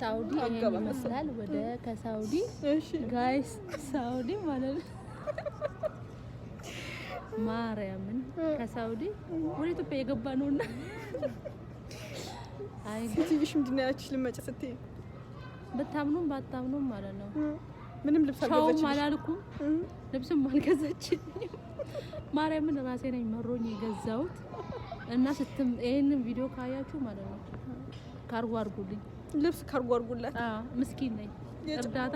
ሳውዲ ይመስላል። ወደ ከሳውዲ ጋይስ ሳውዲ ማለት ነው። ማርያምን ከሳውዲ ወደ ኢትዮጵያ የገባ ነውና አይ ቲቪሽ ምንድን ያለችሽ ልመጭ ስትይ ብታምኑም ባታምኑም ማለት ነው። ምንም ልብስ አልገዛችም፣ አላልኩም ልብስም አልገዛችም። ማርያምን ራሴ ነኝ መሮኝ የገዛሁት እና ስትም ይሄንን ቪዲዮ ካያችሁ ማለት ነው ካርጎ አድርጉልኝ፣ ልብስ ካርጎ አድርጉላት። ምስኪን ነኝ፣ እርዳታ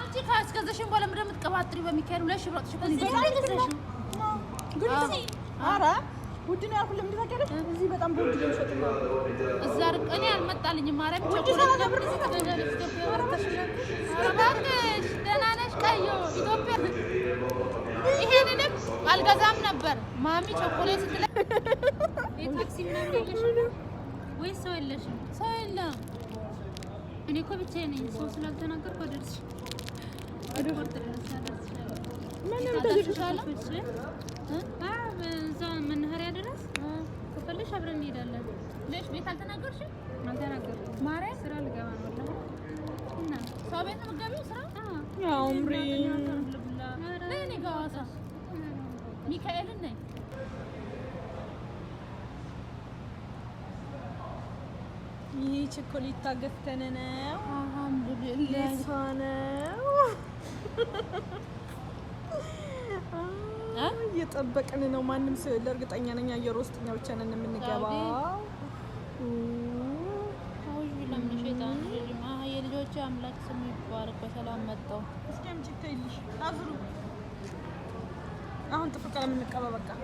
አንቺ ካስገዛሽን በኋላ ምንድን ነው በሚካሄድ ሁለት ሺህ ብር አውጥቼ እኮ ነው ያልኩት። ማርያም እባክሽ አልገዛም ነበር ማሚ ቸኮሌት የታክሲ ምናምን የለሽም ወይስ ሰው የለሽም? ሰው የለም። እኔ እኮ ብቻዬን ነኝ። ሰው ስላልተናገርኩ አደርሽ እዛ መናኸሪያ ድረስ ከፈለሽ አብረን እንሄዳለን። ልሽ ቤት አልተናገርሽም? አልተናገርኩም። ማርያም ስራ ልገባ ነው እና ሰው ቤት ነው የምትገቢው ስራ ሚካኤልን ነኝ ይሄ ቸኮሌታ ገፍተን ነው። አልሐምዱሊላህ ለሷ ነው እየጠበቅን ነው። ማንም ሰው ለእርግጠኛ ነኝ አየር ውስጥ እኛ ብቻ ነን የምንገባው። የልጆች አምላክ ስም ይባረክ። በሰላም መጣው። እስኪ አምጪ ይልሽ አብሩ አሁን ጥፍር ቀለም በቃ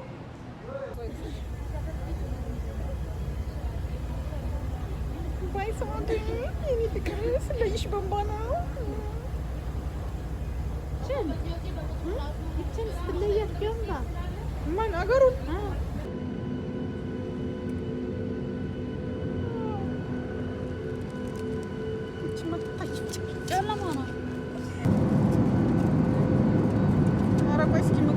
Weißt du, und die Begrüße, ich bin Banane. Schön. Gideceğim üstünde yatıyorum Man, Ben agarım. İçime taşıp çıkacağım ama. Araba eskimi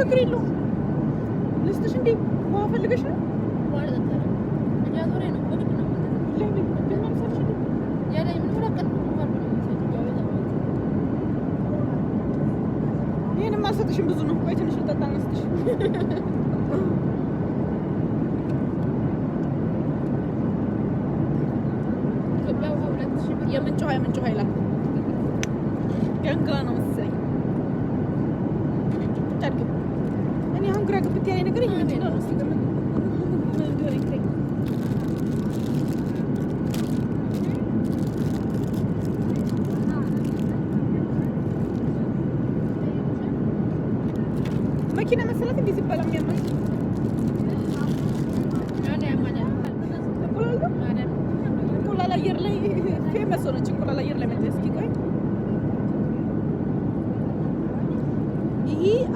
ችግር የለውም። ልስጥሽ እንዴ ውሃ ፈልገሽ ነው? ይህንም አልሰጥሽም ብዙ ነው። ቆይ ትንሽ ልጠጣ ነስጥሽ የምንጭ ውሃ የምንጭ ውሃ ይላል። ገንጋ ነው መሰለኝ። አሁን ግራ ግብት ያለኝ ነገር ይሄ ነው። መኪና መሰላት እንዴ ሲባል የሚያመሽ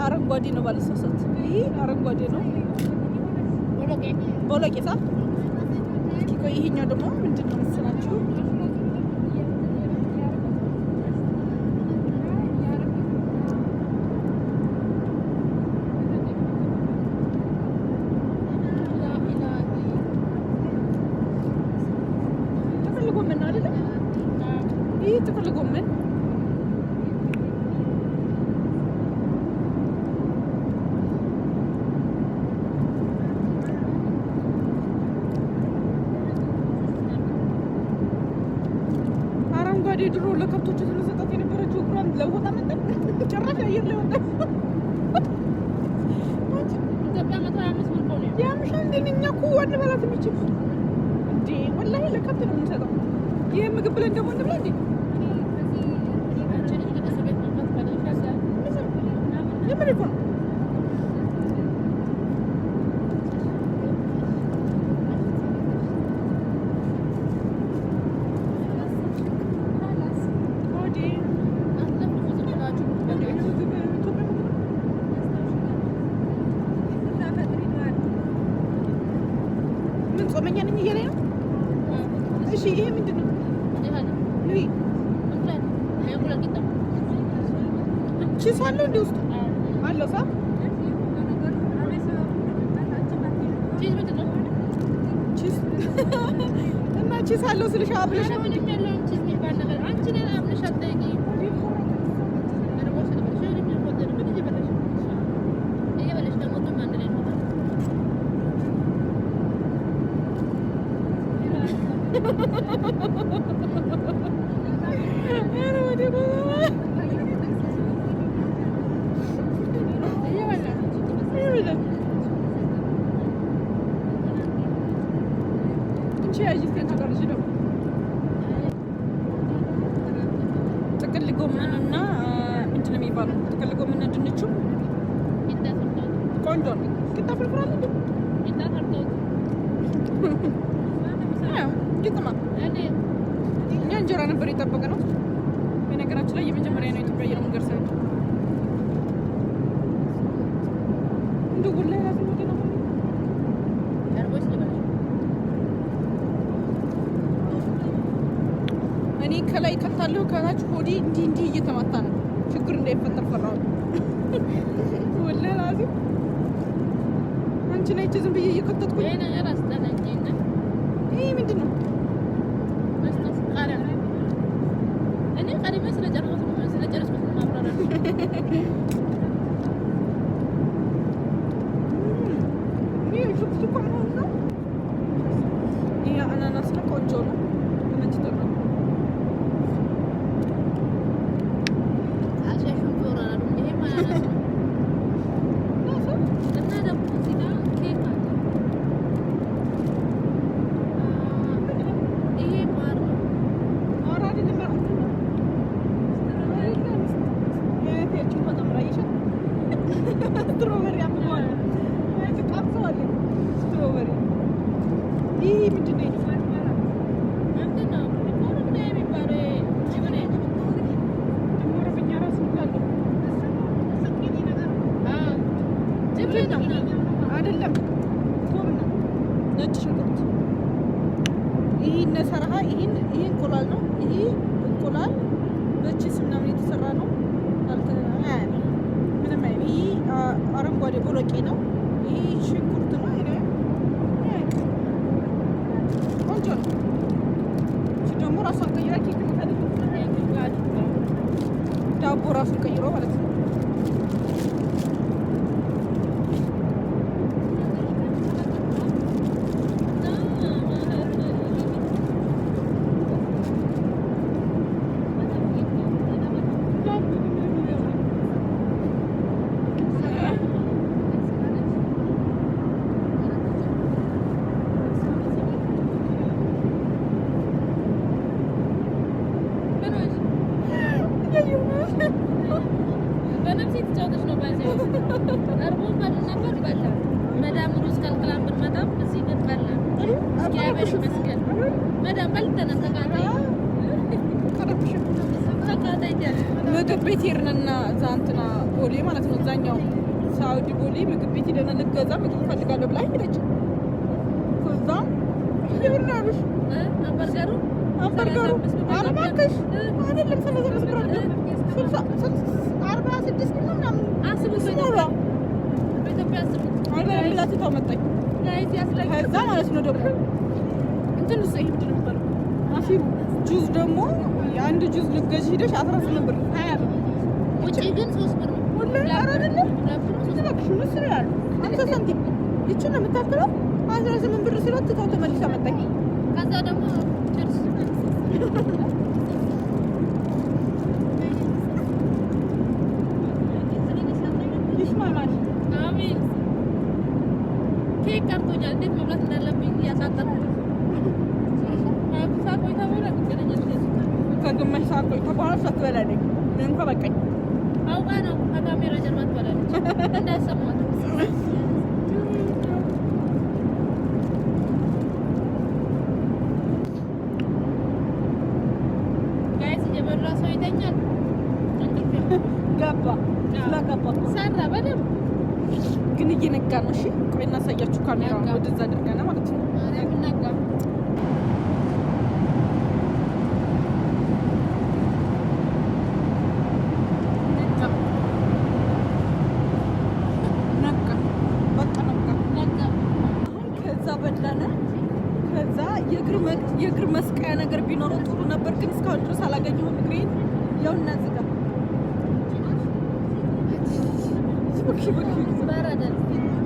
አረንጓዴ ነው ባለሶስት አረንጓዴ ነው። ቦሎቄ ቦሎቄ። ቆይ ይሄኛው ደግሞ ምንድን ነው መሰላችሁ? እኛ እኮ ዋን በላት የሚችል እንዴ ወላሂ ለከብት ነው የምንሰጠው። ይህ ምግብ ብለን ደግሞ እንብላ እንዴ የምን እና ቺስ አለው ስልሽ ብለሽ ቆንጆ ነው። ቂጣ ፍርፍር አለ እኛ እንጀራ ነበር የጠበቅነው። በነገራችን ላይ የመጀመሪያ ነው ኢትዮጵያ አየር መንገድ ሰው እኔ ከላይ ከታለሁ ከታች ሆዴ እንዲህ እንዲህ እየተማታ ነው። ችግር እንዳይፈጠር ፈራሁ። አንቺን አይቼ ዝም ብዬ እየከተትኩኝ ይሄ ነገር አስጠላኝ። ይሄ ምንድን ነው? እኔ ቀድሜ ስለጨረስኩት ማብራራት ነው አይደለም። ነጭ ሽንኩርት። ይህ ነሰረሃ ይህን እንቁላል ነው። ይህ እንቁላል ምግብ ቤት ሄድንና እዛ እንትና ቦሌ ማለት ነው፣ እዛኛው ሳውዲ ቦሌ ምግብ ቤት ሄደን ልገዛ ምግብ እፈልጋለሁ ብላ ሄደች። አርባ ስድስት ምናምን ብላ ትታው መጣኝ ከዛ ማለት ነው ደግሞ እንትን እሱ ይሄ ምንድን ነበር አፊሩ ጁዝ ደግሞ አንድ ጁዝ ልትገዢ ሄደሽ አስራ ስምንት ብር ሀያ ብር ውጭ ግን ሶስት ብር ሁላ ያሉ አስራ ስምንት ብር ስለ ትታው ተመልሳ መጣኝ ከዛ ደግሞ ከግማሽ ሰዓት ቆይታ በኋላ እሷ ትበላለች። እኔ እንኳ በቃኝ። አውቃ ነው ከካሜራ ጀርባ ትበላለች እንዳሰማት ግን እየነጋ ነው። እሺ ቆይ እናሳያችሁ። ካሜራ ወደዛ አድርገና ማለት ነው። ነገር ቢኖረው ጥሩ ነበር፣ ግን እስካሁን ድረስ አላገኘሁም። እግሬን ያው እናዝጋ በረደ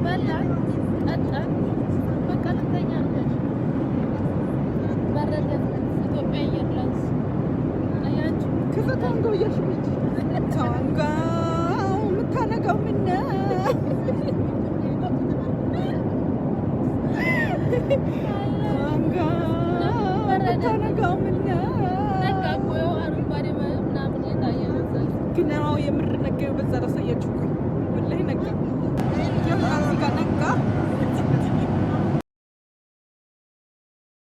በላ ጠጣ